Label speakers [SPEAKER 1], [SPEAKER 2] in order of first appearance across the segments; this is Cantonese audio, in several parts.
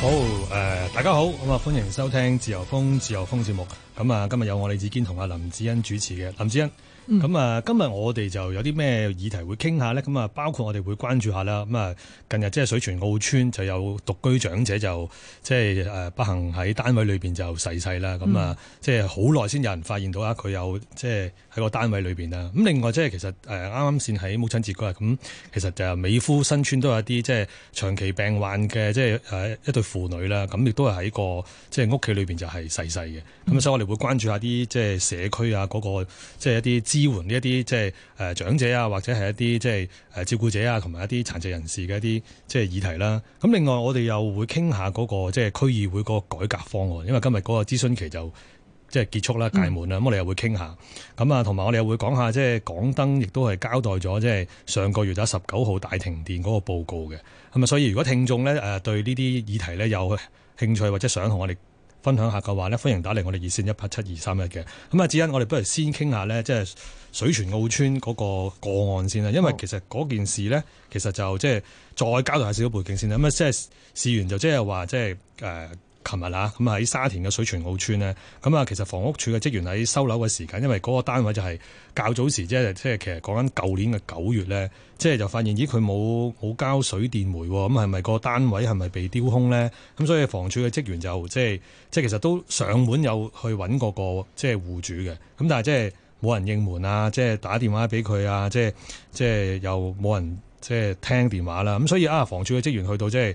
[SPEAKER 1] 好誒、呃，大家好，咁啊，歡迎收聽《自由風》自由風節目。咁啊，今日有我李子堅同阿林子欣主持嘅林子欣。咁、嗯、啊，今日我哋就有啲咩議題會傾下咧？咁啊，包括我哋會關注下啦。咁啊，近日即係水泉澳村就有獨居長者就即係誒不幸喺單位裏邊就逝世啦。咁、嗯、啊，即係好耐先有人發現到啊，佢有即係喺個單位裏邊啊。咁另外即係其實誒啱啱先喺母親節嗰日，咁其實就美孚新村都有一啲即係長期病患嘅即係誒一對父女啦。咁亦都係喺個即係、就是、屋企裏邊就係逝世嘅。咁所以我哋會關注一下啲即係社區啊嗰個即係一啲支援呢一啲即係誒長者啊，或者係一啲即係誒照顧者啊，同埋一啲殘疾人士嘅一啲即係議題啦。咁另外我哋又會傾下嗰個即係區議會嗰個改革方案，因為今日嗰個諮詢期就即係結束啦、嗯、屆滿啦。咁我哋又會傾下。咁啊，同埋我哋又會講下即係港燈，亦都係交代咗即係上個月啊十九號大停電嗰個報告嘅。咁啊，所以如果聽眾咧誒對呢啲議題咧有興趣或者想同我哋分享下嘅話咧，歡迎打嚟我哋熱線一八七二三一嘅。咁啊，子欣，我哋不如先傾下咧，即係。水泉澳村嗰個個案先啦，因為其實嗰件事呢，其實就即係再交代下少少背景先啦。咁、嗯呃、啊，即係事緣就即係話，即係誒，琴日啊，咁喺沙田嘅水泉澳村呢，咁啊，其實房屋處嘅職員喺收樓嘅時間，因為嗰個單位就係較早時即係即係其實，講緊舊年嘅九月呢，即係就發現咦佢冇冇交水電煤，咁係咪個單位係咪被丟空呢？咁所以房處嘅職員就即係即係其實都上門有去揾嗰個即係戶主嘅，咁但係即係。冇人應門啊！即係打電話俾佢啊！即係即係又冇人即係聽電話啦、啊！咁所以啊，房署嘅職員去到即係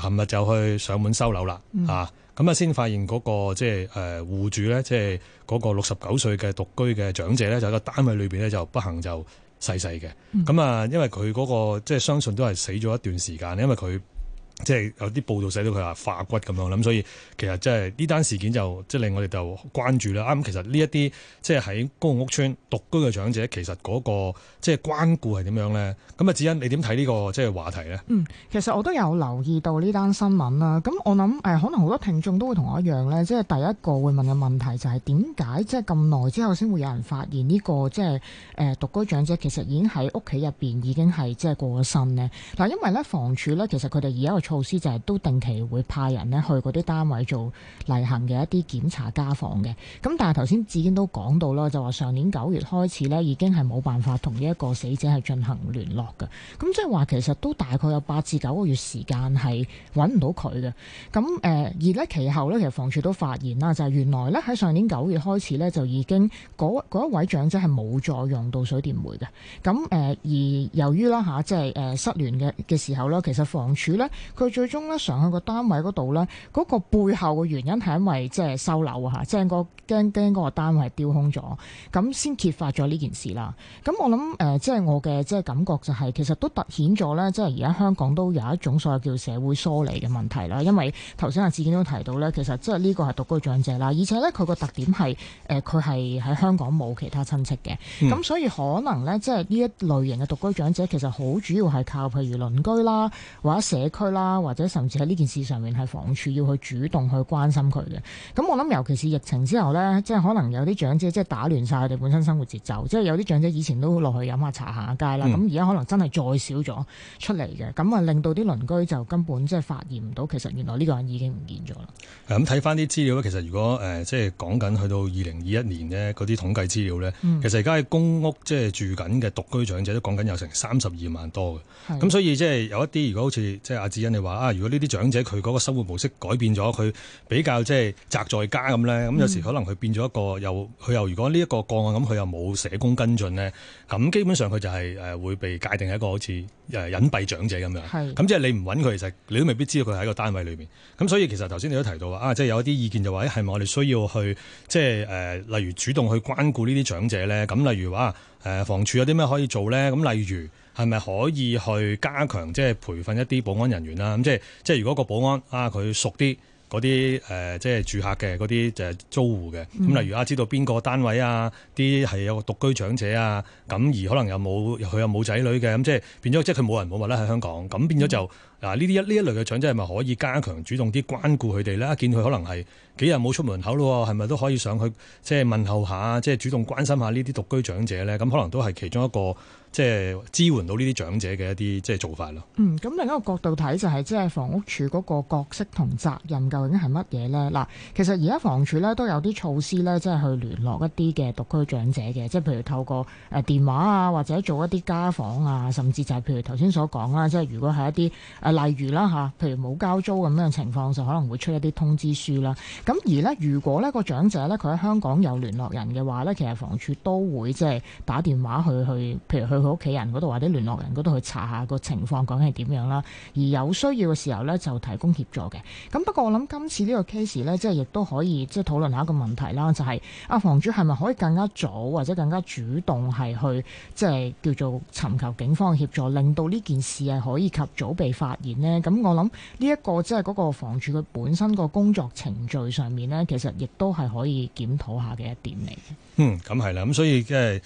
[SPEAKER 1] 琴日就去上門收樓啦、嗯，啊！咁啊先發現嗰、嗰個即係誒戶主咧，即係嗰個六十九歲嘅獨居嘅長者咧，就喺個單位裏邊咧就不幸就逝世嘅。咁、嗯、啊，因為佢嗰、嗰個即係、即係、相信都係死咗一段時間，因為佢。即係有啲報道寫到佢話化骨咁樣，咁所以其實即係呢單事件就即係令我哋就關注啦。咁其實呢一啲即係喺公共屋邨獨居嘅長者，其實嗰個即係關顧係點樣咧？咁啊，子欣，你點睇呢個即係話題咧？嗯，
[SPEAKER 2] 其實我都有留意到呢單新聞啦。咁我諗誒，可能好多聽眾都會同我一樣咧，即係第一個會問嘅問題就係點解即係咁耐之後先會有人發現呢個即係誒獨居長者其實已經喺屋企入邊已經係即係過咗身呢？嗱，因為咧房署咧，其實佢哋而家。措施就係都定期會派人咧去嗰啲單位做例行嘅一啲檢查、家訪嘅。咁但係頭先志堅都講到啦，就話上年九月開始咧已經係冇辦法同呢一個死者係進行聯絡嘅。咁即係話其實都大概有八至九個月時間係揾唔到佢嘅。咁誒而咧其後咧其實房署都發現啦，就係、是、原來咧喺上年九月開始咧就已經嗰嗰一位長者係冇再用到水電煤嘅。咁誒而由於啦吓即係誒失聯嘅嘅時候啦，其實房署咧。佢最終咧上去個單位嗰度咧，嗰個背後嘅原因係因為即係收樓啊，嚇，即係個驚驚嗰個單位丟空咗，咁先揭發咗呢件事啦。咁我諗誒，即係我嘅即係感覺就係、是，其實都凸顯咗咧，即係而家香港都有一種所謂叫社會疏離嘅問題啦。因為頭先阿志堅都提到咧，其實即係呢個係獨居長者啦，而且咧佢個特點係誒佢係喺香港冇其他親戚嘅，咁、嗯、所以可能咧即係呢一類型嘅獨居長者其實好主要係靠譬如鄰居啦或者社區啦。或者甚至喺呢件事上面，係房署要去主動去關心佢嘅。咁我諗，尤其是疫情之後呢，即係可能有啲長者即係打亂晒佢哋本身生活節奏，即係有啲長者以前都落去飲下茶，行下街啦，咁而家可能真係再少咗出嚟嘅，咁啊令到啲鄰居就根本即係發現唔到，其實原來呢個人已經唔見咗啦。
[SPEAKER 1] 咁睇翻啲資料咧，其實如果誒、呃、即係講緊去到二零二一年呢嗰啲統計資料呢，嗯、其實而家喺公屋即係住緊嘅獨居長者都講緊有成三十二萬多嘅。咁所以即係有一啲，如果好似即係阿你話啊，如果呢啲長者佢嗰個生活模式改變咗，佢比較即係宅在家咁咧，咁有時可能佢變咗一個又佢又如果呢一個個案咁，佢又冇社工跟進咧，咁基本上佢就係、是、誒、呃、會被界定係一個好似誒隱蔽長者咁樣，係咁即係你唔揾佢，其實你都未必知道佢喺個單位裏面。咁所以其實頭先你都提到話啊，即係有一啲意見就話、是，誒係咪我哋需要去即係誒、呃，例如主動去關顧呢啲長者咧？咁例如話誒、呃，房署有啲咩可以做咧？咁例如。係咪可以去加強即係培訓一啲保安人員啦？咁即係即係如果個保安啊佢熟啲嗰啲誒即係住客嘅嗰啲就係租戶嘅咁，例如啊知道邊個單位啊，啲係有個獨居長者啊，咁而可能又冇佢又冇仔女嘅咁、就是，即係變咗即係佢冇人冇物啦喺香港咁變咗就。嗯嗱，呢啲一呢一類嘅長者係咪可以加強主動啲關顧佢哋咧？見佢可能係幾日冇出門口咯，係咪都可以上去即係問候下，即係主動關心下呢啲獨居長者咧？咁可能都係其中一個即係支援到呢啲長者嘅一啲即係做法咯。嗯，
[SPEAKER 2] 咁另一個角度睇就係即係房屋處嗰個角色同責任究竟係乜嘢咧？嗱，其實而家房署咧都有啲措施咧，即係去聯絡一啲嘅獨居長者嘅，即係譬如透過誒電話啊，或者做一啲家訪啊，甚至就係譬如頭先所講啦，即係如果係一啲。例如啦吓，譬如冇交租咁樣情況就可能會出一啲通知書啦。咁而咧，如果咧個長者咧佢喺香港有聯絡人嘅話咧，其實房署都會即係打電話去去，譬如去佢屋企人嗰度或者聯絡人嗰度去查下個情況究竟係點樣啦。而有需要嘅時候咧，就提供協助嘅。咁不過我諗今次呢個 case 咧，即係亦都可以即係討論下一個問題啦，就係、是、阿房主係咪可以更加早或者更加主動係去即係叫做尋求警方協助，令到呢件事係可以及早被發。然咧、這個，咁我諗呢一個即係嗰個房署佢本身個工作程序上面呢，其實亦都係可以檢討一下嘅一點嚟
[SPEAKER 1] 嘅。嗯，咁係啦，咁所以即係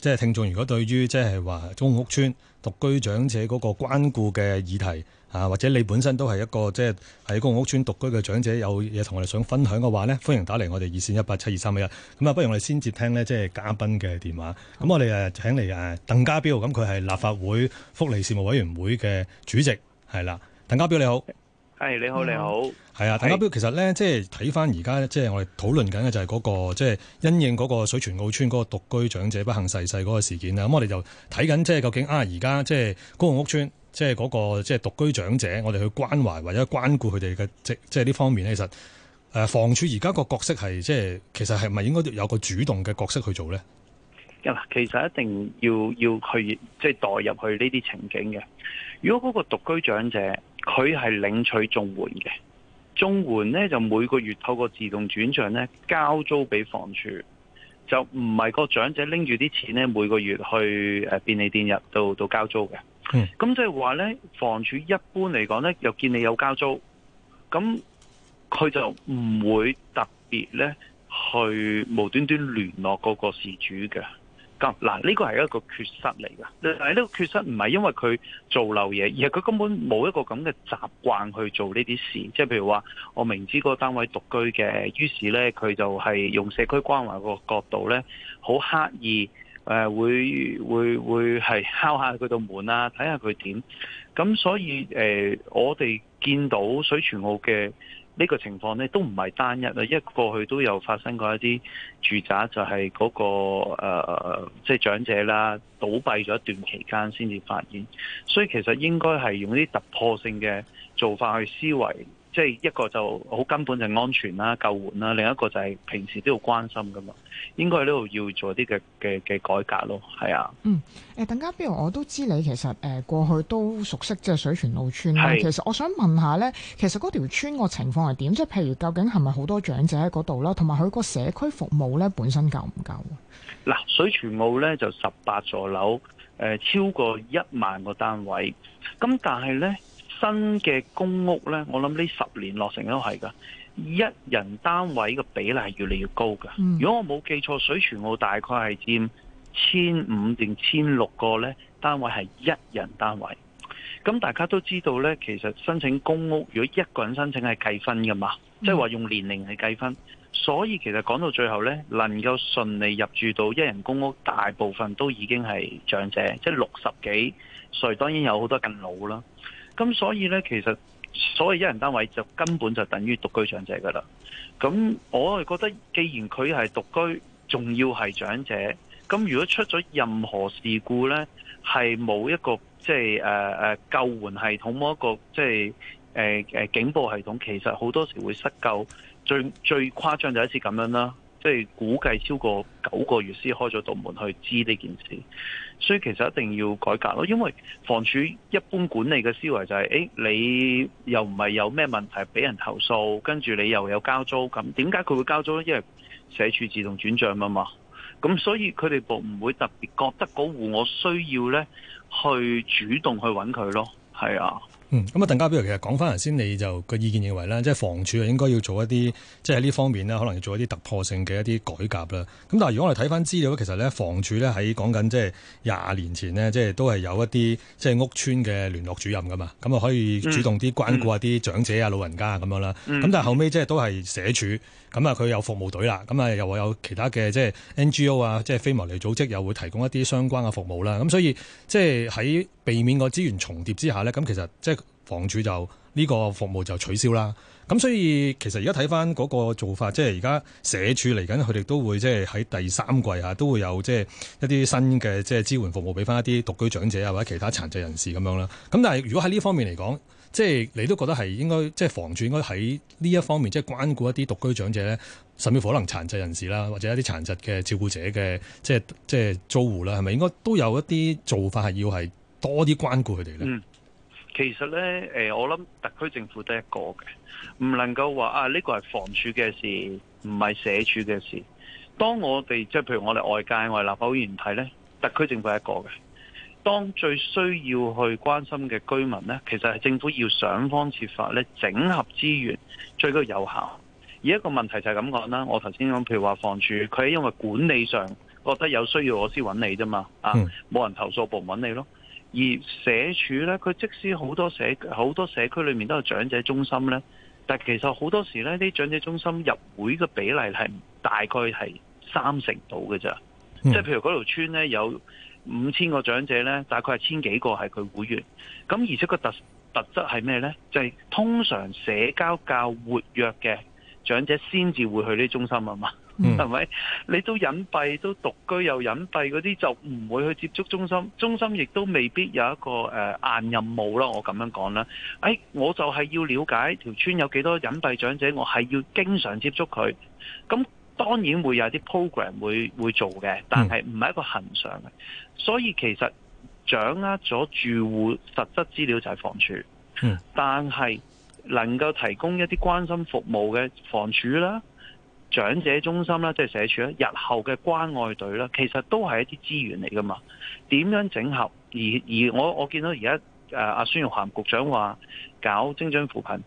[SPEAKER 1] 即係聽眾，如果對於即係話公共屋邨獨居長者嗰個關顧嘅議題啊，或者你本身都係一個即係喺公屋邨獨居嘅長者有嘢同我哋想分享嘅話呢，歡迎打嚟我哋熱線一八七二三一一。咁啊，不如我哋先接聽呢，即、就、係、是、嘉賓嘅電話。咁我哋誒請嚟誒鄧家彪，咁佢係立法會福利事務委員會嘅主席。係啦，鄧家彪你好，
[SPEAKER 3] 係、嗯、你好，你好
[SPEAKER 1] 係啊。鄧家彪，其實咧，即係睇返而家，即係我哋討論緊嘅就係嗰個即係因應嗰個水泉澳邨嗰個獨居長者不幸逝世嗰個事件啦。咁我哋就睇緊即係究竟啊，而家即係公共屋邨，即係嗰個即係獨居長者，我哋去關懷或者關顧佢哋嘅即即係呢方面咧，其實誒，房署而家個角色係即係其實係咪應該有個主動嘅角色去做咧？
[SPEAKER 3] 其實一定要要去即係代入去呢啲情景嘅。如果嗰個獨居長者佢係領取綜援嘅，綜援呢，就每個月透過自動轉賬呢交租俾房署，就唔係個長者拎住啲錢呢，每個月去誒便利店入到到交租嘅。咁即係話呢，房署一般嚟講呢，又見你有交租，咁佢就唔會特別呢去無端端聯絡嗰個事主嘅。嗱，呢個係一個缺失嚟㗎。但係呢個缺失唔係因為佢做漏嘢，而係佢根本冇一個咁嘅習慣去做呢啲事。即係譬如話，我明知嗰個單位獨居嘅，於是呢，佢就係用社區關懷個角度呢，好刻意誒會會會係敲下佢度門啊，睇下佢點。咁所以誒，我哋見到水泉澳嘅。呢、這個情況呢都唔係單一啦，一過去都有發生過一啲住宅就係嗰、那個即係、呃就是、長者啦，倒斃咗一段期間先至發現，所以其實應該係用啲突破性嘅做法去思維。即係一個就好根本就安全啦、救援啦，另一個就係平時都要關心噶嘛，應該呢度要做啲嘅嘅嘅改革咯，係啊。嗯，
[SPEAKER 2] 誒，鄧家彪，比如我都知你其實誒過去都熟悉即係水泉澳邨啦。係。其實我想問下呢，其實嗰條村個情況係點？即係譬如究竟係咪好多長者喺嗰度咧，同埋佢個社區服務呢，本身夠唔夠？
[SPEAKER 3] 嗱，水泉澳呢就十八座樓，誒、呃、超過一萬個單位，咁但係呢，新嘅公屋呢，我諗呢十年落成都係噶，一人單位嘅比例係越嚟越高噶。嗯。如果我冇記錯，水泉澳大概係佔千五定千六個呢，單位係一人單位。咁大家都知道呢，其實申請公屋如果一個人申請係計分噶嘛，即係話用年齡嚟計分。所以其實講到最後呢，能夠順利入住到一人公屋，大部分都已經係長者，即係六十幾歲，當然有好多更老啦。咁所以呢，其實所謂一人單位就根本就等於獨居長者㗎喇。咁我係覺得，既然佢係獨居，仲要係長者，咁如果出咗任何事故呢，係冇一個即係救援系統，冇一個即係誒警報系統，其實好多時會失救。最最誇張就一次咁樣啦。即係估計超過九個月先開咗道門去知呢件事，所以其實一定要改革咯。因為房署一般管理嘅思維就係，誒，你又唔係有咩問題俾人投訴，跟住你又有交租，咁點解佢會交租呢？因為社署自動轉賬啊嘛，咁所以佢哋部唔會特別覺得嗰戶我需要呢去主動去揾佢咯，係啊。
[SPEAKER 1] 嗯，咁啊，鄧家彪其實講翻頭先，你就個意見認為啦。即係房署啊，應該要做一啲，即係喺呢方面咧，可能要做一啲突破性嘅一啲改革啦。咁但係如果我哋睇翻資料其實咧，房署咧喺講緊即係廿年前呢，即係都係有一啲即係屋邨嘅聯絡主任噶嘛，咁啊可以主動啲關顧下啲長者啊、嗯、老人家啊咁樣啦。咁但係後尾即係都係社署，咁啊佢有服務隊啦，咁啊又會有其他嘅即係 NGO 啊，即係非牟利組織又會提供一啲相關嘅服務啦。咁所以即係喺避免個資源重疊之下咧，咁其實即係。房署就呢個服務就取消啦。咁所以其實而家睇翻嗰個做法，即係而家社署嚟緊，佢哋都會即係喺第三季嚇、啊、都會有即係一啲新嘅即係支援服務俾翻一啲獨居長者啊或者其他殘疾人士咁樣啦。咁但係如果喺呢方面嚟講，即係你都覺得係應該即係房署應該喺呢一方面即係關顧一啲獨居長者咧，甚至乎可能殘疾人士啦，或者一啲殘疾嘅照顧者嘅即係即係租戶啦，係咪應該都有一啲做法係要係多啲關顧佢哋
[SPEAKER 3] 咧？嗯其實咧，誒、呃，我諗特區政府得一個嘅，唔能夠話啊呢，這個係房署嘅事，唔係社署嘅事。當我哋即係譬如我哋外界，我哋立法會議員睇咧，特區政府係一個嘅。當最需要去關心嘅居民咧，其實係政府要想方設法咧整合資源，最高有效。而一個問題就係咁講啦，我頭先講譬如話房署，佢係因為管理上覺得有需要，我先揾你啫嘛，啊，冇，嗯、人投訴我部門唔揾你咯。而社署呢，佢即使好多社好多社區裏面都有長者中心呢，但其實好多時呢啲長者中心入會嘅比例係大概係三成度嘅啫。即、嗯、係譬如嗰條村呢有五千個長者呢，大概係千幾個係佢會員，咁而且個特特質係咩呢？就係、是、通常社交較活躍嘅長者先至會去呢啲中心啊嘛。係、mm. 咪？你都隱蔽，都獨居又隱蔽嗰啲，就唔會去接觸中心。中心亦都未必有一個誒、呃、硬任務啦，我咁樣講啦。誒、哎，我就係要了解條村有幾多隱蔽長者，我係要經常接觸佢。咁當然會有啲 program 會會做嘅，但係唔係一個恒常嘅。所以其實掌握咗住戶實質資料就係房署，mm. 但係能夠提供一啲關心服務嘅房署啦。長者中心啦，即係社署啦，日後嘅關愛隊啦，其實都係一啲資源嚟噶嘛。點樣整合？而而我我見到而家誒阿孫玉涵局長話搞精準扶貧，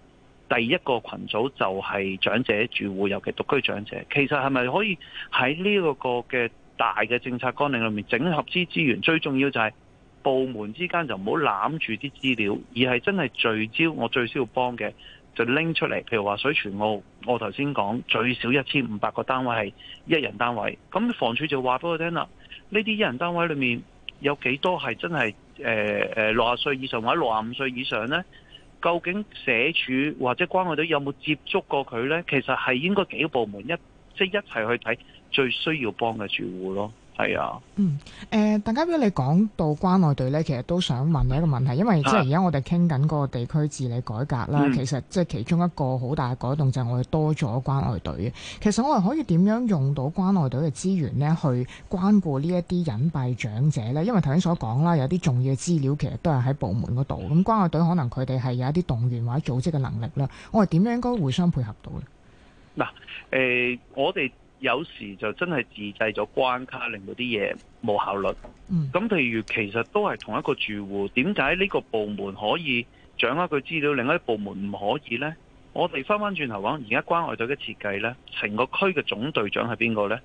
[SPEAKER 3] 第一個群組就係長者住戶，尤其獨居長者。其實係咪可以喺呢個個嘅大嘅政策綱領裏面整合啲資源？最重要就係部門之間就唔好攬住啲資料，而係真係聚焦我最需要幫嘅。就拎出嚟，譬如話水泉澳，我頭先講最少一千五百個單位係一人單位，咁房署就話俾我聽啦，呢啲一人單位裏面有幾多係真係誒誒六十歲以上或者六十五歲以上呢？究竟社署或者關愛隊有冇接觸過佢呢？其實係應該幾個部門一即係、就是、一齊去睇最需要幫嘅住戶咯。
[SPEAKER 2] 係啊，嗯，誒、呃，鄧家彪，你講到關愛隊呢，其實都想問你一個問題，因為、啊、即係而家我哋傾緊嗰個地區治理改革啦、嗯，其實即係其中一個好大嘅改動就係我哋多咗關愛隊，其實我哋可以點樣用到關愛隊嘅資源呢？去關顧呢一啲隱蔽長者呢？因為頭先所講啦，有啲重要嘅資料其實都係喺部門嗰度，咁關愛隊可能佢哋係有一啲動員或者組織嘅能力啦，我哋點樣應該互相配合到咧？嗱，誒，
[SPEAKER 3] 我哋。有時就真係自製咗關卡，令到啲嘢冇效率、嗯。咁譬如其實都係同一個住戶，點解呢個部門可以掌握佢資料，另一個部門唔可以呢？我哋翻返轉頭講，而家關愛隊嘅設計呢，成個區嘅總隊長係邊個呢？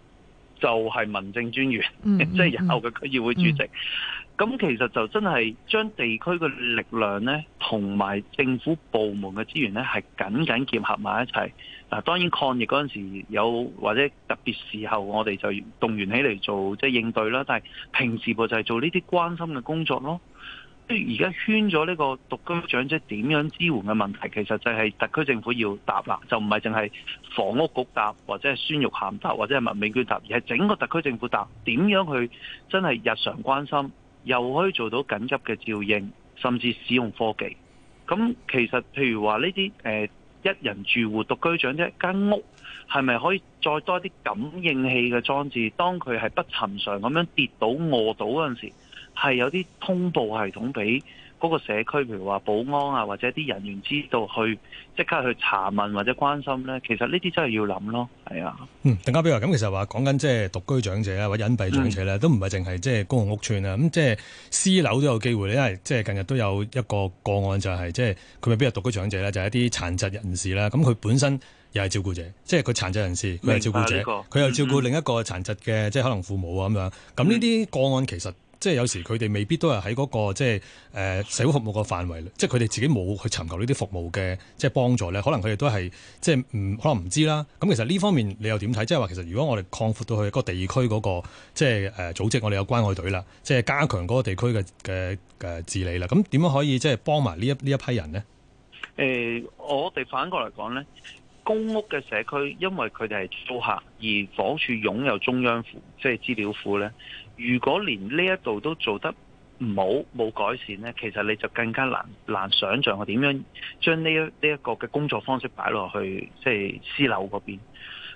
[SPEAKER 3] 就係、是、民政專員、嗯，即、嗯、係 後嘅區議會主席、嗯。嗯 咁其實就真係將地區嘅力量呢，同埋政府部門嘅資源呢，係緊緊結合埋一齊。嗱，當然抗疫嗰陣時有或者特別時候，我哋就動員起嚟做即係、就是、應對啦。但係平時部就係做呢啲關心嘅工作咯。而家圈咗呢個獨居長者點樣支援嘅問題，其實就係特區政府要答啦，就唔係淨係房屋局答，或者係孫玉菡答，或者係麥美娟答，而係整個特區政府答。點樣去真係日常關心？又可以做到緊急嘅照應，甚至使用科技。咁其實譬如話呢啲誒一人住戶獨居長者間屋，係咪可以再多一啲感應器嘅裝置？當佢係不尋常咁樣跌倒、餓倒嗰陣時，係有啲通報系統俾。嗰、那個社區譬如話保安啊，或者啲人員知道去即刻去查問或者關心咧，其實呢啲真係要諗咯，係啊。嗯，
[SPEAKER 1] 鄧家彪話咁其實話講緊即係獨居長者啊，或者隱蔽長者咧、嗯，都唔係淨係即係公共屋邨啊，咁即係私樓都有機會因為即係近日都有一個個案就係即係佢未必係獨居長者咧，就係、是、一啲殘疾人士啦，咁佢本身又係照顧者，即係佢殘疾人士佢係照顧者，佢、啊這個、又照顧另一個殘疾嘅、嗯嗯、即係可能父母啊咁樣，咁呢啲個案其實。即係有時佢哋未必都係喺嗰個即係誒、呃、社會服務個範圍，即係佢哋自己冇去尋求呢啲服務嘅即係幫助咧。可能佢哋都係即係唔、嗯、可能唔知啦。咁其實呢方面你又點睇？即係話其實如果我哋擴闊到去嗰個地區嗰、嗰個即係誒、呃、組織，我哋有關愛隊啦，即係加強嗰個地區嘅嘅嘅治理啦。咁點樣可以即係幫埋呢一呢一批人呢？誒、
[SPEAKER 3] 呃，我哋反過來講咧，公屋嘅社區因為佢哋係租客，而房署擁有中央庫，即係資料庫咧。如果連呢一度都做得唔好、冇改善呢，其實你就更加難難想像點樣將呢一呢一個嘅工作方式擺落去即係、就是、私樓嗰邊。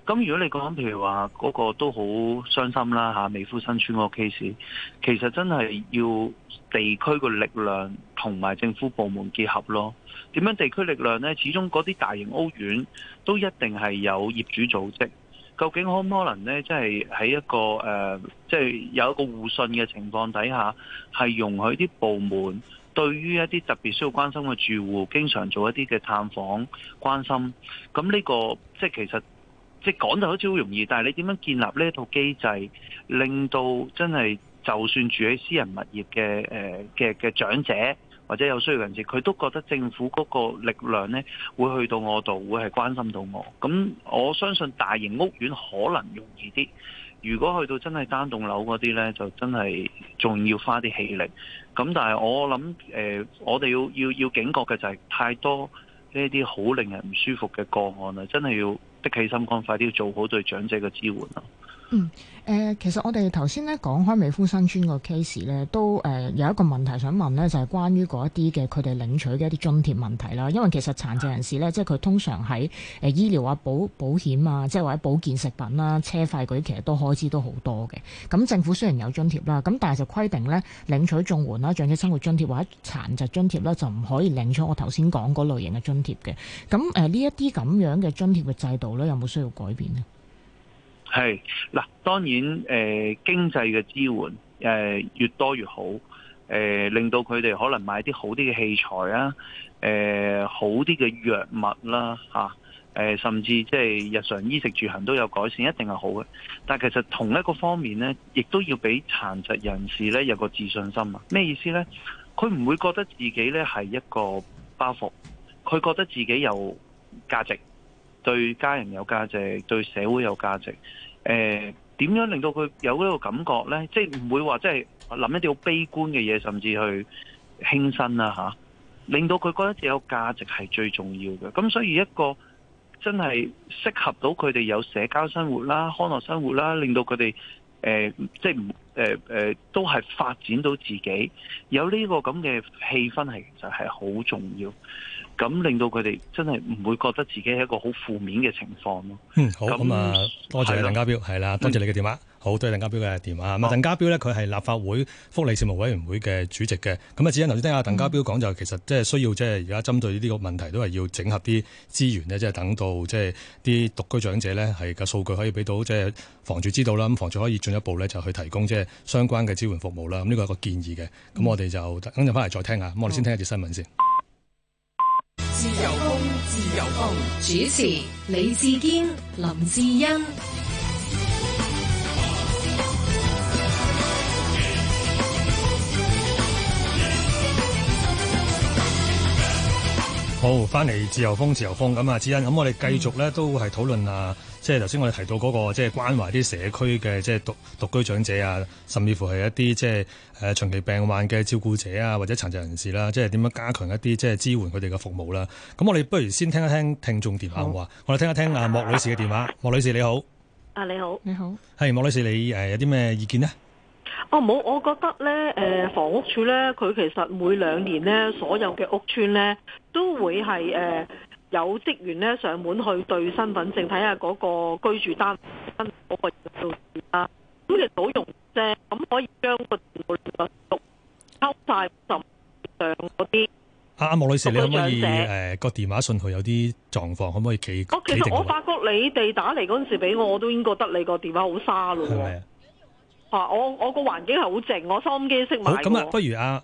[SPEAKER 3] 咁如果你講譬如話嗰個都好傷心啦嚇，美孚新村嗰個 case，其實真係要地區嘅力量同埋政府部門結合咯。點樣地區力量呢？始終嗰啲大型屋苑都一定係有業主組織。究竟可唔可能呢？即係喺一個誒，即、呃、係、就是、有一個互信嘅情況底下，係容許啲部門對於一啲特別需要關心嘅住戶，經常做一啲嘅探訪、關心。咁呢、這個即係、就是、其實即係、就是、講就好似好容易，但係你點樣建立呢一套機制，令到真係就算住喺私人物業嘅誒嘅嘅長者，或者有需要人士，佢都覺得政府嗰個力量咧，會去到我度，會係關心到我。咁我相信大型屋苑可能容易啲，如果去到真係單棟樓嗰啲咧，就真係仲要花啲氣力。咁但係我諗，誒、呃、我哋要要要警覺嘅就係、是、太多呢啲好令人唔舒服嘅個案啊！真係要的起心肝，快啲要做好對長者嘅支援啦。
[SPEAKER 2] 嗯，誒、呃，其實我哋頭先咧講開美孚新村個 case 咧，都誒有一個問題想問咧，就係、是、關於嗰一啲嘅佢哋領取嘅一啲津貼問題啦。因為其實殘疾人士咧，即係佢通常喺誒醫療啊、保保險啊，即係或者保健食品啦、啊、車費嗰啲，其實都開支都好多嘅。咁政府雖然有津貼啦，咁但係就規定咧領取綜援啦、長者生活津貼或者殘疾津貼啦，就唔可以領取我頭先講嗰類型嘅津貼嘅。咁誒呢一啲咁樣嘅津貼嘅制度咧，有冇需要改變呢？
[SPEAKER 3] 係嗱，當然誒、呃，經濟嘅支援誒、呃、越多越好，誒、呃、令到佢哋可能買啲好啲嘅器材、呃、啊，誒好啲嘅藥物啦吓，誒甚至即係日常衣食住行都有改善，一定係好嘅。但係其實同一個方面呢，亦都要俾殘疾人士呢有個自信心啊！咩意思呢？佢唔會覺得自己呢係一個包袱，佢覺得自己有價值。對家人有價值，對社會有價值。誒、呃，點樣令到佢有呢個感覺呢？即係唔會話即係諗一啲好悲觀嘅嘢，甚至去輕生啦吓、啊。令到佢覺得自己有價值係最重要嘅。咁所以一個真係適合到佢哋有社交生活啦、康樂生活啦，令到佢哋誒，即、呃、係、就是呃呃、都係發展到自己有呢個咁嘅氣氛係，係其實係好重要。咁令到佢哋真係唔會覺得自己係一個好負面嘅情況咯。
[SPEAKER 1] 嗯，好，咁啊，多謝，謝鄧家彪，係啦，多謝，謝你嘅電話。嗯、好，多謝，謝鄧家彪嘅電話。咁、嗯、鄧家彪呢，佢係立法會福利事務委員會嘅主席嘅。咁、嗯、啊，只因頭先聽阿鄧家彪講，嗯嗯、就其實即係需要即係而家針對呢個問題，都係要整合啲資源呢，即係等到即係啲獨居長者呢，係個數據可以俾到即係、就是、房主知道啦。咁房主可以進一步呢就去提供即係相關嘅支援服務啦。咁、嗯、呢個係個建議嘅。咁我哋就等陣翻嚟再聽下。我哋先聽一條新聞先。嗯
[SPEAKER 4] 主持：李志堅、林志欣。
[SPEAKER 1] 好，翻嚟自由風，自由風咁啊，志恩，咁我哋繼續咧，都係討論啊，即係頭先我哋提到嗰個，即係關懷啲社區嘅，即係獨獨居長者啊，甚至乎係一啲即係誒長期病患嘅照顧者啊，或者殘疾人士啦，即係點樣加強一啲即係支援佢哋嘅服務啦？咁我哋不如先聽一聽聽眾電話，好話我哋聽一聽啊莫女士嘅電話。莫女士你好，
[SPEAKER 5] 啊你好，你
[SPEAKER 1] 好，係莫女士，你誒有啲咩意見呢？
[SPEAKER 5] 哦，冇，我覺得咧，誒，房屋署咧，佢其實每兩年咧，所有嘅屋邨咧，都會係誒、呃、有職員咧上門去對身份證，睇下嗰個居住單、那個、人容易那個身個數字啊，咁亦都用啫，咁可以將個抽晒上嗰啲。
[SPEAKER 1] 阿阿莫女士，你可唔可以誒個、呃、電話信號有啲狀況，可唔可以企？其實我發
[SPEAKER 5] 覺你哋打嚟嗰陣時俾我，我都已經覺得你個電話好沙咯。是啊，我我個環境係好靜，我收音機都熄埋。好，咁啊，
[SPEAKER 1] 不如啊。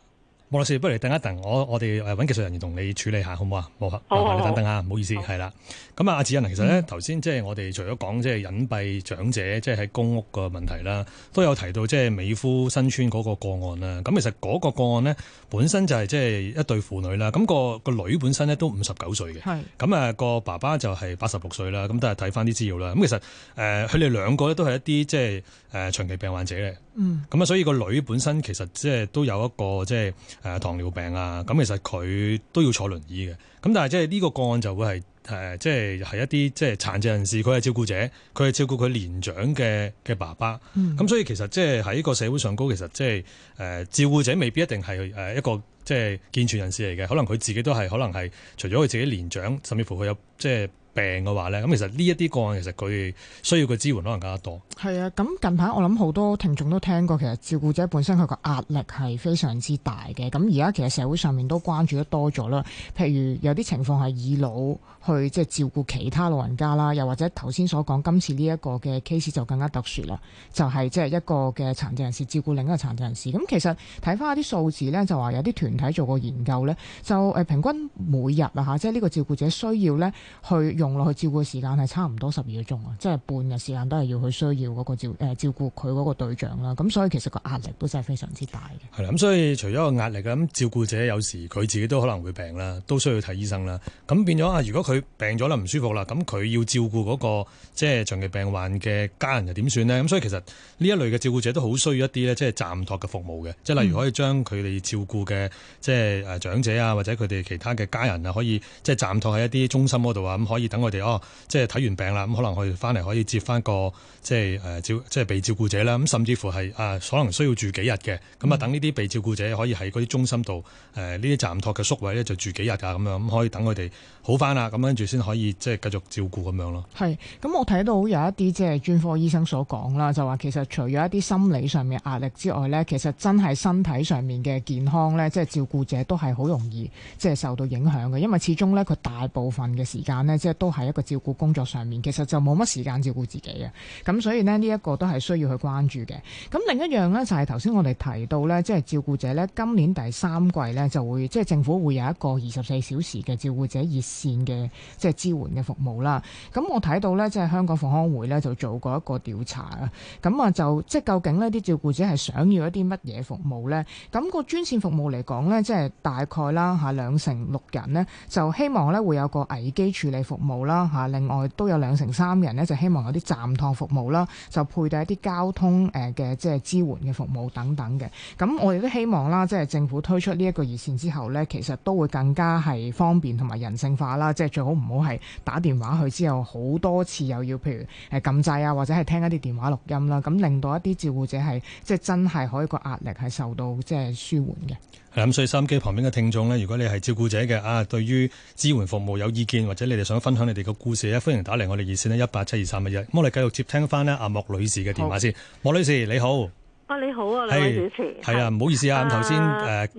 [SPEAKER 1] 莫老師不如你等一等，我我哋揾技術人員同你處理下，好唔好啊？冇、哦、你等等一下，唔好意思，係、哦、啦。咁啊，阿子欣其實咧，頭先即係我哋除咗講即係隱蔽長者，即係喺公屋個問題啦、嗯，都有提到即係美孚新村嗰個個案啦。咁其實嗰個個案咧，本身就係即係一對父女啦。咁、那個個女本身咧都五十九歲嘅，咁啊、那個爸爸就係八十六歲啦。咁都係睇翻啲資料啦。咁其實誒，佢、呃、哋兩個咧都係一啲即係誒長期病患者嚟。嗯，咁啊，所以個女本身其實即係都有一個即係誒糖尿病啊，咁、嗯、其實佢都要坐輪椅嘅，咁但係即係呢個個案就會係誒即係係一啲即係殘疾人士，佢係照顧者，佢係照顧佢年長嘅嘅爸爸，咁、嗯、所以其實即係喺呢個社會上高，其實即係誒照顧者未必一定係誒一個即係健全人士嚟嘅，可能佢自己都係可能係除咗佢自己年長，甚至乎佢有即係。就是病嘅話咧，咁其實呢一啲個案其實佢需要嘅支援可能更加多。
[SPEAKER 2] 係啊，咁近排我諗好多聽眾都聽過，其實照顧者本身佢個壓力係非常之大嘅。咁而家其實社會上面都關注得多咗啦。譬如有啲情況係二老去即係照顧其他老人家啦，又或者頭先所講今次呢一個嘅 case 就更加特殊啦，就係即係一個嘅殘疾人士照顧另一個殘疾人士。咁其實睇翻啲數字咧，就話有啲團體做過研究咧，就誒平均每日啊吓，即係呢個照顧者需要咧去。用落去照顧嘅時間係差唔多十二個鐘啊，即係半日時間都係要去需要嗰個照誒、呃、照顧佢嗰個對象啦。咁所以其實個壓力都真係非常之大嘅。嘅。
[SPEAKER 1] 係啦，咁所以除咗個壓力咁，照顧者有時佢自己都可能會病啦，都需要睇醫生啦。咁變咗啊，如果佢病咗啦，唔舒服啦，咁、嗯、佢要照顧嗰、嗰個即係長期病患嘅家人又點算呢？咁所以其實呢一類嘅照顧者都好需要一啲咧，即係暫托嘅服務嘅，即係例如可以將佢哋照顧嘅即係誒長者啊，或者佢哋其他嘅家人啊，可以即係暫托喺一啲中心嗰度啊，咁可以。等我哋哦，即係睇完病啦，咁可能我哋翻嚟可以接翻個即係誒照，即係、呃、即係被照顧者啦。咁甚至乎係、呃、可能需要住幾日嘅，咁啊等呢啲被照顧者可以喺嗰啲中心度呢啲暫托嘅宿位咧就住幾日㗎咁樣，咁可以等佢哋好翻啦。咁跟住先可以即係繼續照顧咁樣咯。
[SPEAKER 2] 係，咁我睇到有一啲即係專科醫生所講啦，就話其實除咗一啲心理上面壓力之外咧，其實真係身體上面嘅健康咧，即係照顧者都係好容易即係受到影響嘅，因為始終咧佢大部分嘅時間咧即係都係一個照顧工作上面，其實就冇乜時間照顧自己嘅。咁所以呢，呢、這、一個都係需要去關注嘅。咁另一樣呢，就係頭先我哋提到呢，即係照顧者呢，今年第三季呢，就會即係政府會有一個二十四小時嘅照顧者熱線嘅即係支援嘅服務啦。咁我睇到呢，即係香港復康會呢，就做過一個調查啊。咁啊就即係究竟呢啲照顧者係想要一啲乜嘢服務呢？咁、那個專線服務嚟講呢，即係大概啦吓兩成六人呢，就希望呢會有個危機處理服務。啦嚇，另外都有兩成三人呢，就希望有啲暫託服務啦，就配對一啲交通誒嘅、呃、即係支援嘅服務等等嘅。咁我哋都希望啦，即係政府推出呢一個熱線之後呢，其實都會更加係方便同埋人性化啦，即係最好唔好係打電話去之後好多次又要譬如誒撳掣啊，或者係聽一啲電話錄音啦，咁令到一啲照顧者係即係真係可以個壓力係受到即係舒緩嘅。
[SPEAKER 1] 咁、嗯、所以收音機旁邊嘅聽眾咧，如果你係照顧者嘅啊，對於支援服務有意見或者，你哋想分享你哋嘅故事咧，歡迎打嚟我哋熱線咧一八七二三一一。1, 8, 7, 2, 3, 我哋繼續接聽翻咧阿莫女士嘅電話先。莫女士你好。啊你好
[SPEAKER 5] 啊，莫女士。係啊，
[SPEAKER 1] 唔好意思啊，咁頭先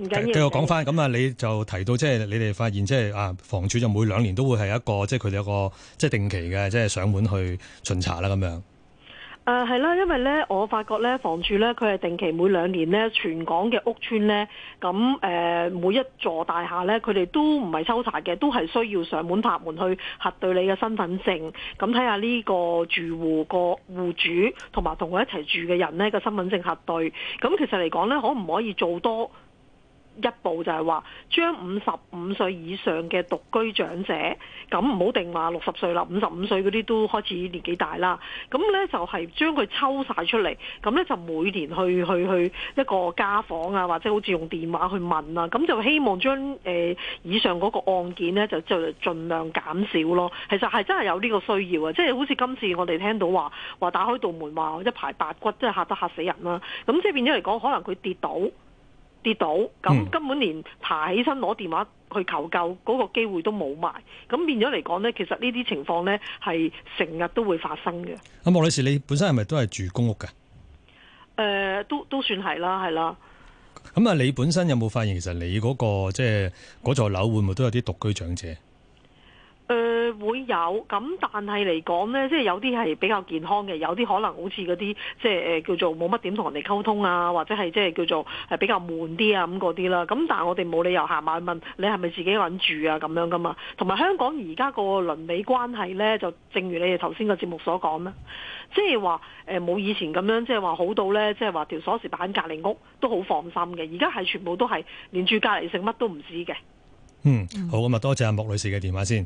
[SPEAKER 1] 誒，繼續講翻。咁啊，啊緊緊你就提到即係、就是、你哋發現即係、就是、啊，房署就每兩年都會係一個即係佢哋有個即係、就是、定期嘅即係上門去巡查啦咁樣。
[SPEAKER 5] 誒、嗯、係啦，因為咧，我發覺咧，房署咧，佢係定期每兩年咧，全港嘅屋邨咧，咁誒、呃、每一座大廈咧，佢哋都唔係抽查嘅，都係需要上門拍門去核對你嘅身份證，咁睇下呢個住戶個戶主同埋同佢一齊住嘅人呢個身份證核對。咁其實嚟講咧，可唔可以做多一步就係話將五十五歲以上嘅獨居長者，咁唔好定話六十歲啦，五十五歲嗰啲都開始年紀大啦。咁呢就係將佢抽曬出嚟，咁呢就每年去去去一個家訪啊，或者好似用電話去問啊，咁就希望將、呃、以上嗰個案件呢，就就盡量減少咯。其實係真係有呢個需要啊，即係好似今次我哋聽到話話打開道門話一排白骨，真係嚇得嚇死人啦、啊。咁即係變咗嚟講，可能佢跌倒，跌到咁根本連爬起身攞電話去求救嗰個機會都冇埋，咁變咗嚟講呢，其實呢啲情況呢係成日都會發生嘅。
[SPEAKER 1] 阿莫女士，你本身係咪都係住公屋噶？
[SPEAKER 5] 誒、呃，都都算係啦，係啦。
[SPEAKER 1] 咁啊，你本身有冇發現，其實你嗰個即係嗰座樓會唔會都有啲獨居長者？
[SPEAKER 5] 會有咁，但係嚟講呢，即係有啲係比較健康嘅，有啲可能好似嗰啲即係誒叫做冇乜點同人哋溝通啊，或者係即係叫做係比較悶啲啊咁嗰啲啦。咁但係我哋冇理由行埋去問你係咪自己揾住啊咁樣噶嘛。同埋香港而家個鄰里關係呢，就正如你哋頭先個節目所講啦，即係話誒冇以前咁樣，即係話好到呢，即係話條鎖匙擺喺隔籬屋都好放心嘅。而家係全部都係連住隔籬食乜都唔知嘅。
[SPEAKER 1] 嗯，好咁啊，多謝阿莫女士嘅電話先。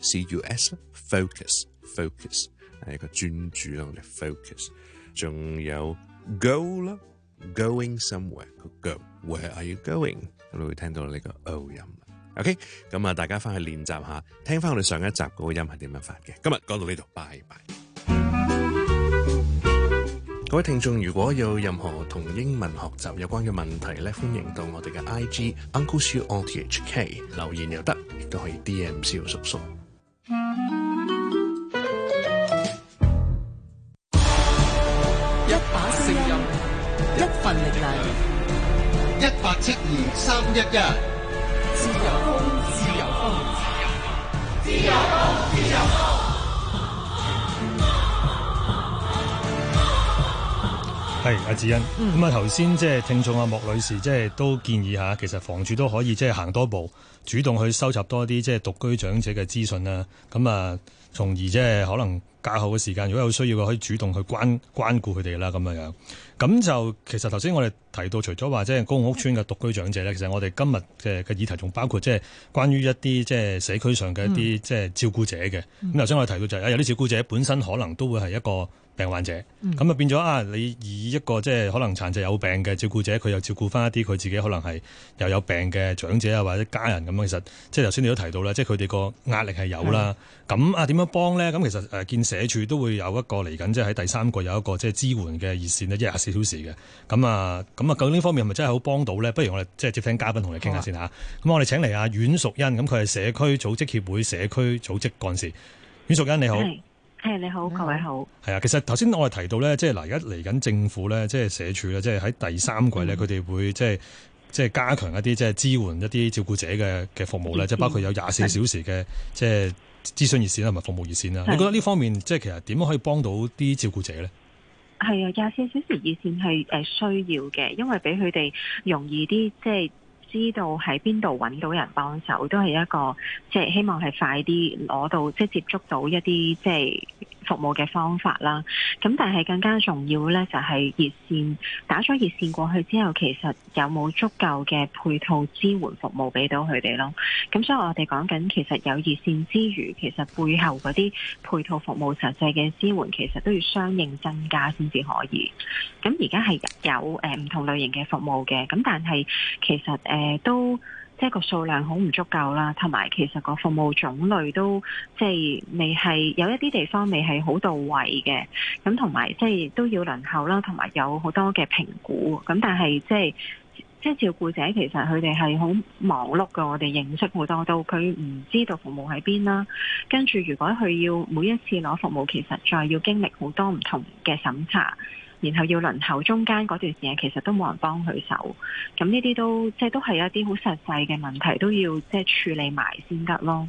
[SPEAKER 6] C U S，focus，focus，係一個專注型嘅 focus，仲有 go，going somewhere，個 go，where are you going？咁你會聽到呢個 O 音，OK？咁啊，大家翻去練習下，聽翻我哋上一集嗰個音係點樣發嘅。今日講到呢度，拜拜。各位聽眾，如果有任何同英文學習有關嘅問題咧，歡迎到我哋嘅 I G Uncle Siu on RTHK 留言又得，亦都可以 D M 蕭叔叔。
[SPEAKER 2] 一八七二三一一，自由風，自由風，自由風，風自由風，自由風。
[SPEAKER 1] 係阿智恩，咁啊頭先即係聽眾阿莫女士，即係都建議下，其實房署都可以即係行多步，主動去收集多啲即係獨居長者嘅資訊啦。咁啊，從而即係可能假後嘅時間，如果有需要嘅，可以主動去關關顧佢哋啦。咁樣樣，咁就其實頭先我哋提到，除咗話即係公屋村嘅獨居長者咧，嗯，其實我哋今日嘅嘅議題仲包括即係關於一啲即係社區上嘅一啲即係照顧者嘅。咁頭先我哋提到就係有啲照顧者本身可能都會係一個。病患者，咁啊變咗啊！你以一個即係可能殘疾有病嘅照顧者，佢又照顧翻一啲佢自己可能係又有病嘅長者啊，或者家人咁啊。其實即係頭先你都提到啦，即係佢哋個壓力係有啦。咁啊點樣幫咧？咁其實誒，建、啊、社處社署都會有一個嚟緊，即係喺第三季有一個即係支援嘅熱線一廿四小時嘅。咁啊，咁啊，究竟呢方面係咪真係好幫到咧？不如我哋即係接聽嘉賓同你傾下先嚇。咁、啊、我哋請嚟阿、啊、阮淑茵，咁佢係社區組織協會社區組織幹事。阮淑茵你好。
[SPEAKER 4] 誒，你好，各
[SPEAKER 1] 位好。係、嗯、啊，其實頭先我哋提到咧，即係嗱，而家嚟緊政府咧，即係社署咧，即係喺第三季咧，佢哋會即係即係加強一啲即係支援一啲照顧者嘅嘅服務咧，即係包括有廿四小時嘅即係諮詢熱線啦，同埋服務熱線啦。你覺得呢方面即係其實點樣可以幫到啲照顧者咧？
[SPEAKER 4] 係啊，廿四小時熱線係誒需要嘅，因為俾佢哋容易啲即係。就是知道喺邊度搵到人幫手，都係一個，即係希望係快啲攞到，即係接觸到一啲即係。即係服務嘅方法啦，咁但係更加重要咧，就係熱線打咗熱線過去之後，其實有冇足夠嘅配套支援服務俾到佢哋咯？咁所以我哋講緊其實有熱線之餘，其實背後嗰啲配套服務實際嘅支援，其實都要相應增加先至可以。咁而家係有誒唔同類型嘅服務嘅，咁但係其實誒都。即係個數量好唔足夠啦，同埋其實個服務種類都即係未係有一啲地方未係好到位嘅，咁同埋即係都要輪候啦，同埋有好多嘅評估，咁但係即係即係照顧者其實佢哋係好忙碌㗎。我哋認識，好多都，佢唔知道服務喺邊啦，跟住如果佢要每一次攞服務，其實仲係要經歷好多唔同嘅審查。然後要輪候中間嗰段時間，其實都冇人幫佢手。咁呢啲都即係都係一啲好實際嘅問題，都要即係處理埋先得咯。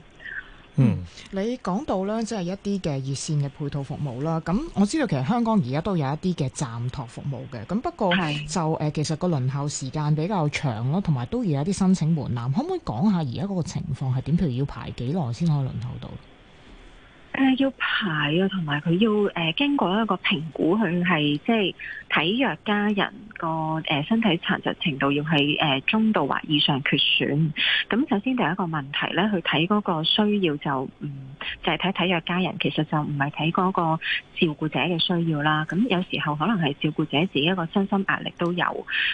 [SPEAKER 4] 嗯，
[SPEAKER 2] 你講到咧，即係一啲嘅熱線嘅配套服務啦。咁我知道其實香港而家都有一啲嘅暫託服務嘅。咁不過就誒，其實個輪候時間比較長咯，同埋都有一啲申請門檻。可唔可以講下而家嗰個情況係點？譬如要排幾耐先可以輪候到？
[SPEAKER 4] 要排啊，同埋佢要誒經過一個評估，佢係即係體弱家人個身體殘疾程度要係、呃、中度或以上缺損。咁首先第一個問題咧，佢睇嗰個需要就唔、嗯、就係、是、睇體弱家人，其實就唔係睇嗰個照顧者嘅需要啦。咁有時候可能係照顧者自己一個身心壓力都有，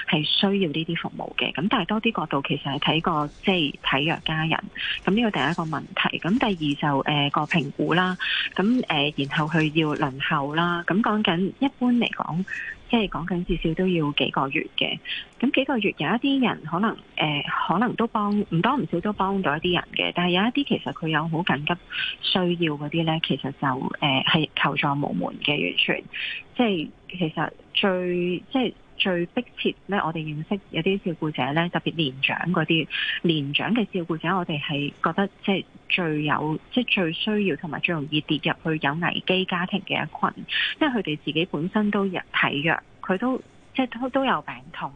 [SPEAKER 4] 係需要呢啲服務嘅。咁但係多啲角度其實係睇個即係、就是、體弱家人。咁呢個第一個問題。咁第二就誒個、呃、評估啦。咁誒、呃，然後佢要輪候啦。咁講緊一般嚟講，即係講緊至少都要幾個月嘅。咁幾個月有一啲人可能誒、呃，可能都幫唔多唔少都幫到一啲人嘅。但係有一啲其實佢有好緊急需要嗰啲咧，其實就誒係、呃、求助無門嘅，完全即係其實最即係。最迫切咧，我哋認識有啲照顧者咧，特別年長嗰啲年長嘅照顧者，我哋係覺得即係最有即係、就是、最需要同埋最容易跌入去有危機家庭嘅一群。因為佢哋自己本身都有體弱，佢都。即係都都有病痛，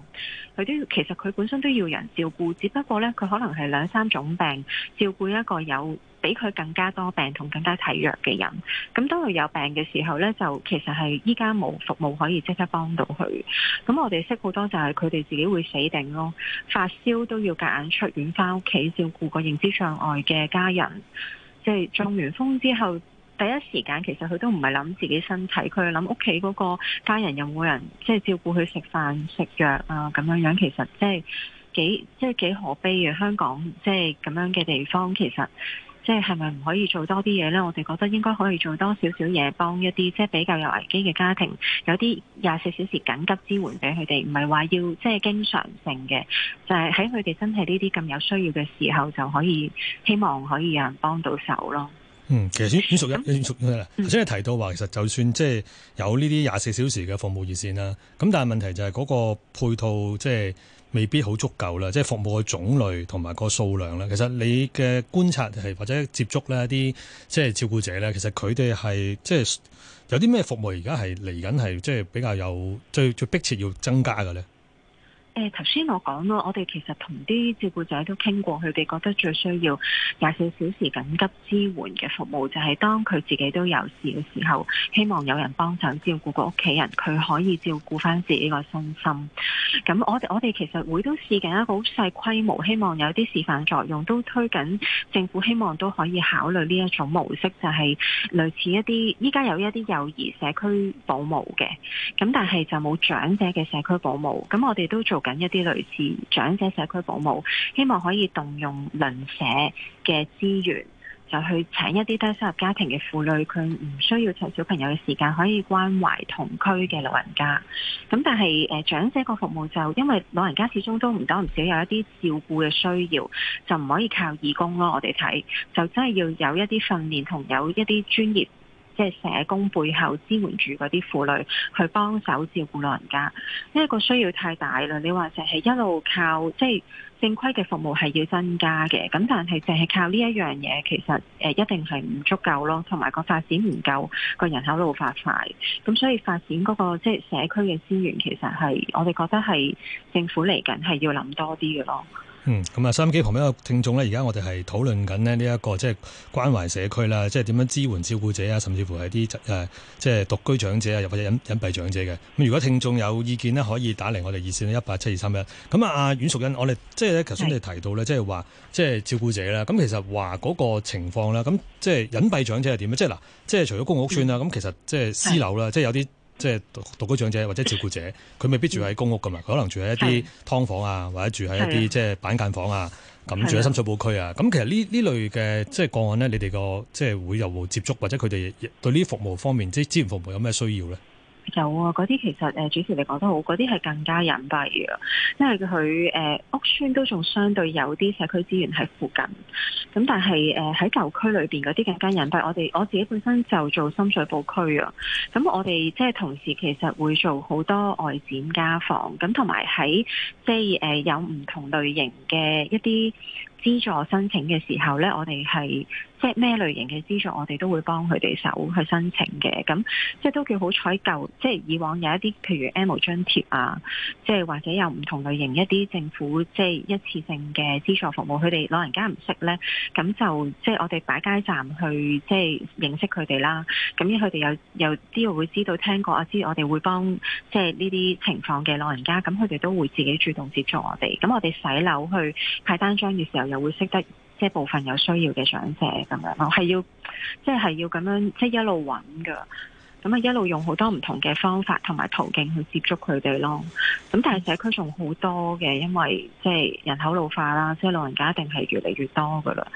[SPEAKER 4] 佢都要其實佢本身都要人照顧，只不過咧佢可能係兩三種病，照顧一個有比佢更加多病痛、更加體弱嘅人。咁當佢有病嘅時候咧，就其實係依家冇服務可以即刻幫到佢。咁我哋識好多就係佢哋自己會死定咯，發燒都要隔硬出院翻屋企照顧個認知障礙嘅家人。即係中完風之後。第一時間其實佢都唔係諗自己身體，佢諗屋企嗰個家人有冇人即係照顧佢食飯食藥啊咁樣樣。其實即係幾即係、即係、幾可悲嘅，啊。香港即係咁樣嘅地方，其實即係係咪唔可以做多啲嘢呢？我哋覺得應該可以做多少少嘢，幫一啲即係比較有危機嘅家庭，有啲廿四小時緊急支援俾佢哋，唔係話要即係經常性嘅，就係喺佢哋真係呢啲咁有需要嘅時候就可以，希望可以有人幫到手咯。
[SPEAKER 1] 嗯，其實算算屬於算屬於啦。頭先你提到話，其實就算即係有呢啲廿四小時嘅服務熱線啦，咁但係問題就係嗰個配套即係未必好足夠啦，即係服務嘅種類同埋個數量啦。其實你嘅觀察係或者接觸呢一啲即係照顧者咧，其實佢哋係即係有啲咩服務而家係嚟緊係即係比較有最最迫切要增加嘅咧？
[SPEAKER 4] 頭先我講咯，我哋其實同啲照顧者都傾過，佢哋覺得最需要廿四小時緊急支援嘅服務，就係當佢自己都有事嘅時候，希望有人幫手照顧個屋企人，佢可以照顧翻自己個身心。咁我我哋其實會都試緊一個好細規模，希望有啲示範作用，都推緊政府，希望都可以考慮呢一種模式，就係類似一啲依家有一啲幼兒社區保姆嘅，咁但係就冇長者嘅社區保姆。咁我哋都做緊。一啲類似長者社區保姆，希望可以動用鄰舍嘅資源，就去請一啲低收入家庭嘅婦女，佢唔需要湊小朋友嘅時間，可以關懷同區嘅老人家。咁但係誒、呃、長者個服務就因為老人家始終都唔多唔少有一啲照顧嘅需要，就唔可以靠義工咯。我哋睇就真係要有一啲訓練同有一啲專業。即、就、係、是、社工背後支援住嗰啲婦女去幫手照顧老人家，呢個需要太大啦。你話淨係一路靠即係、就是、正規嘅服務係要增加嘅，咁但係淨係靠呢一樣嘢，其實誒、呃、一定係唔足夠咯。同埋個發展唔夠，個人口度發快，咁所以發展嗰、那個即係、就是、社區嘅資源，其實係我哋覺得係政府嚟緊係要諗多啲嘅咯。
[SPEAKER 1] 嗯，咁啊，收音機旁邊一個聽眾咧，而家我哋係討論緊咧呢一個即係關懷社區啦，即係點樣支援照顧者啊，甚至乎係啲誒即係獨居長者啊，又或者隱隱蔽長者嘅。咁如果聽眾有意見呢，可以打嚟我哋熱線一八七二三一。咁啊，阿阮淑茵，我哋即係咧頭先你提到咧，即係話即係照顧者啦。咁其實話嗰個情況啦，咁即係隱蔽長者係點咧？即係嗱，即係除咗公屋邨啦，咁其實即係私樓啦，即係有啲。即係獨獨居長者或者照顧者，佢未必住喺公屋㗎嘛，佢可能住喺一啲㓥房啊，或者住喺一啲即係板間房啊，咁住喺深水埗區啊。咁其實呢呢類嘅即係個案咧，你哋個即係會有冇接觸，或者佢哋對呢啲服務方面，即係支援服務有咩需要咧？
[SPEAKER 4] 有啊，嗰啲其實主持嚟講都好，嗰啲係更加隱蔽啊！因為佢誒、呃、屋邨都仲相對有啲社區資源喺附近，咁但係誒喺舊區裏面嗰啲更加隱蔽。我哋我自己本身就做深水埗區啊，咁我哋即係同時其實會做好多外展家訪，咁同埋喺即係有唔、就是呃、同類型嘅一啲。資助申請嘅時候呢，我哋係即係咩類型嘅資助，我哋都會幫佢哋手去申請嘅。咁即係都叫好彩，舊即係以往有一啲譬如 MO 津貼啊，即係或者有唔同類型一啲政府即係一次性嘅資助服務，佢哋老人家唔識呢，咁就即係我哋擺街站去即係認識佢哋啦。咁佢哋有有啲會知道聽過啊，知我哋會幫即係呢啲情況嘅老人家，咁佢哋都會自己主動接觸我哋。咁我哋洗樓去派單張嘅時候，又會識得即係部分有需要嘅長者咁樣咯，係要即係要咁樣即係一路揾噶，咁啊一路用好多唔同嘅方法同埋途徑去接觸佢哋咯。咁但係社區仲好多嘅，因為即係人口老化啦，即係老人家一定係越嚟越多噶啦。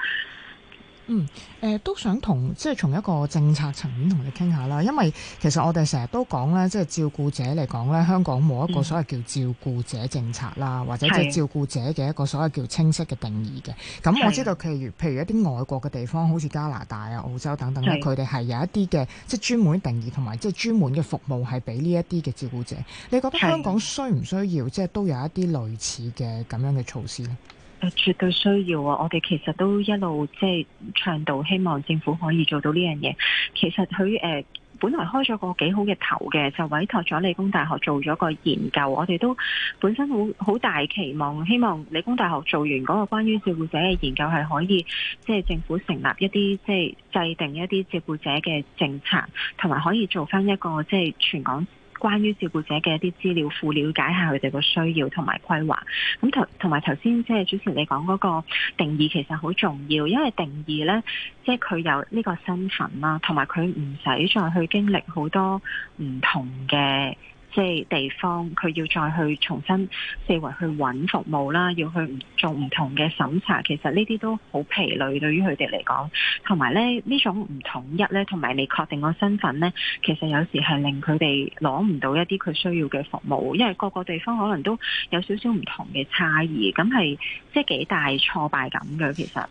[SPEAKER 2] 嗯，誒、呃、都想同即係從一個政策層面同你傾下啦，因為其實我哋成日都講咧，即係照顧者嚟講咧，香港冇一個所謂叫照顧者政策啦、嗯，或者即係照顧者嘅一個所謂叫清晰嘅定義嘅。咁我知道，譬如譬如一啲外國嘅地方，好似加拿大啊、澳洲等等咧，佢哋係有一啲嘅即係專門定義同埋即係專門嘅服務係俾呢一啲嘅照顧者。你覺得香港需唔需要是即係都有一啲類似嘅咁樣嘅措施咧？絕對需要啊！我
[SPEAKER 4] 哋其實都一路即係、就是、倡導，希望政府可以做到呢樣嘢。其實佢誒、呃、本來開咗個幾好嘅頭嘅，就委託咗理工大學做咗個研究。我哋都本身好好大期望，希望理工大學做完嗰個關於照顧者嘅研究，係可以即係、就是、政府成立一啲即係制定一啲照顧者嘅政策，同埋可以做翻一個即係、就是、全港。關於照顧者嘅一啲資料庫，了解下佢哋個需要同埋規劃。咁同同埋頭先，即係主持你講嗰個定義，其實好重要，因為定義呢，即係佢有呢個身份啦，同埋佢唔使再去經歷好多唔同嘅。即係地方，佢要再去重新四圍去揾服務啦，要去做唔同嘅審查，其實呢啲都好疲累對於佢哋嚟講，同埋咧呢種唔統一咧，同埋你確定個身份咧，其實有時係令佢哋攞唔到一啲佢需要嘅服務，因為個個地方可能都有少少唔同嘅差異，咁係即係幾大挫敗感嘅其實。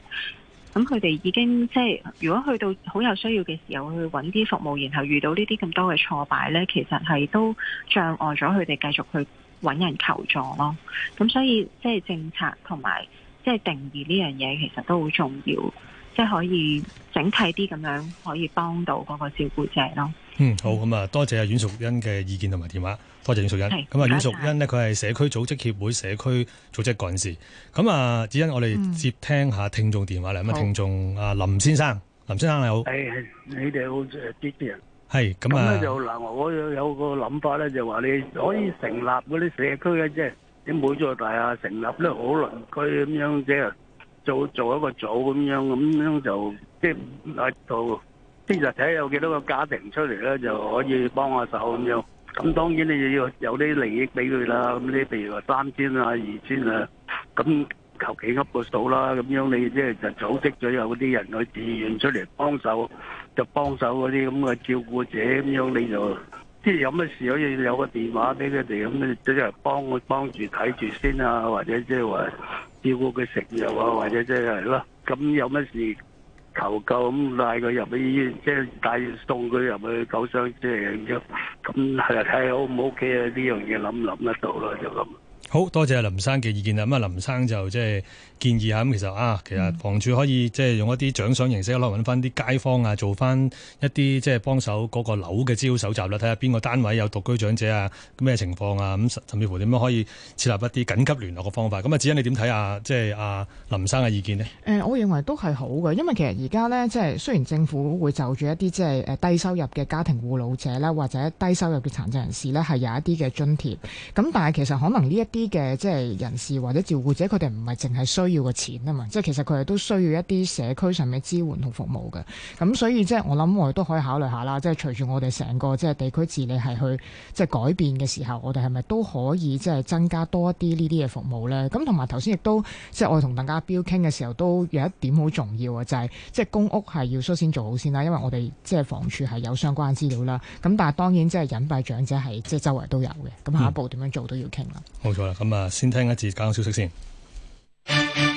[SPEAKER 4] 咁佢哋已經即係，如果去到好有需要嘅時候去揾啲服務，然後遇到呢啲咁多嘅挫敗呢，其實係都障礙咗佢哋繼續去揾人求助咯。咁所以即係政策同埋即係定義呢樣嘢，其實都好重要，即係可以整體啲咁樣可以幫到嗰個照顧者咯。
[SPEAKER 1] 嗯，好，咁啊，多謝阿阮淑茵嘅意見同埋電話，多謝阮淑茵。係，咁啊，阮淑茵咧，佢係社區組織協會社區組織幹事。咁啊，只因我哋接聽下聽眾電話嚟，咁啊，聽眾阿林先生，林先生你好。係
[SPEAKER 3] 係，你哋好誒，啲啲
[SPEAKER 1] 人。係，咁啊。咁
[SPEAKER 3] 咧就，嗱，我有有個諗法咧，就話你可以成立嗰啲社區嘅，即係你每座大廈成立咧好鄰居咁樣，即係做做一個組咁樣，咁樣就即係喺度。即係睇下有幾多個家庭出嚟，咧，就可以幫下手咁樣。咁當然你要有啲利益俾佢啦。咁你譬如話三千啊、二千啊，咁求其噏個數啦。咁樣你即係就組織咗有嗰啲人去自願出嚟幫手，就幫手嗰啲咁嘅照顧者咁樣，你就即係有乜事可以有個電話俾佢哋，咁你即係幫佢，幫住睇住先啊，或者即係話照顧佢食藥啊，或者即係係咯。咁有乜事？求救咁帶佢入去醫院，即係帶佢送佢入去救傷，即係咁樣。咁係睇好唔 OK 啊？呢樣嘢諗諗得到咯，就咁。
[SPEAKER 1] 好多謝阿林生嘅意見啦，咁阿林生就即係建議下，咁其實啊，其實房署可以即係用一啲獎賞形式，攞揾翻啲街坊啊，做翻一啲即係幫手嗰個樓嘅資料搜集啦，睇下邊個單位有獨居長者啊，咩情況啊，咁甚至乎點樣可以設立一啲緊急聯絡嘅方法。咁啊，子欣你點睇啊？即係阿林生嘅意見呢？
[SPEAKER 2] 誒、呃，我認為都係好嘅，因為其實而家咧，即係雖然政府會就住一啲即係誒低收入嘅家庭護老者啦，或者低收入嘅殘疾人士咧，係有一啲嘅津貼，咁但係其實可能呢一啲嘅即係人士或者照顧者，佢哋唔係淨係需要個錢啊嘛，即係其實佢哋都需要一啲社區上面支援同服務嘅。咁所以即係我諗，我哋都可以考慮下啦。即係隨住我哋成個即係地區治理係去即係改變嘅時候，我哋係咪都可以即係增加多一啲呢啲嘅服務呢？咁同埋頭先亦都即係我同鄧家彪傾嘅時候，都有一點好重要嘅，就係即係公屋係要率先做好先啦。因為我哋即係房署係有相關資料啦。咁但係當然即係隱蔽長者係即係周圍都有嘅。咁下一步點樣做都要傾啦。嗯。
[SPEAKER 1] 咁啊，先聽一次交通消息先。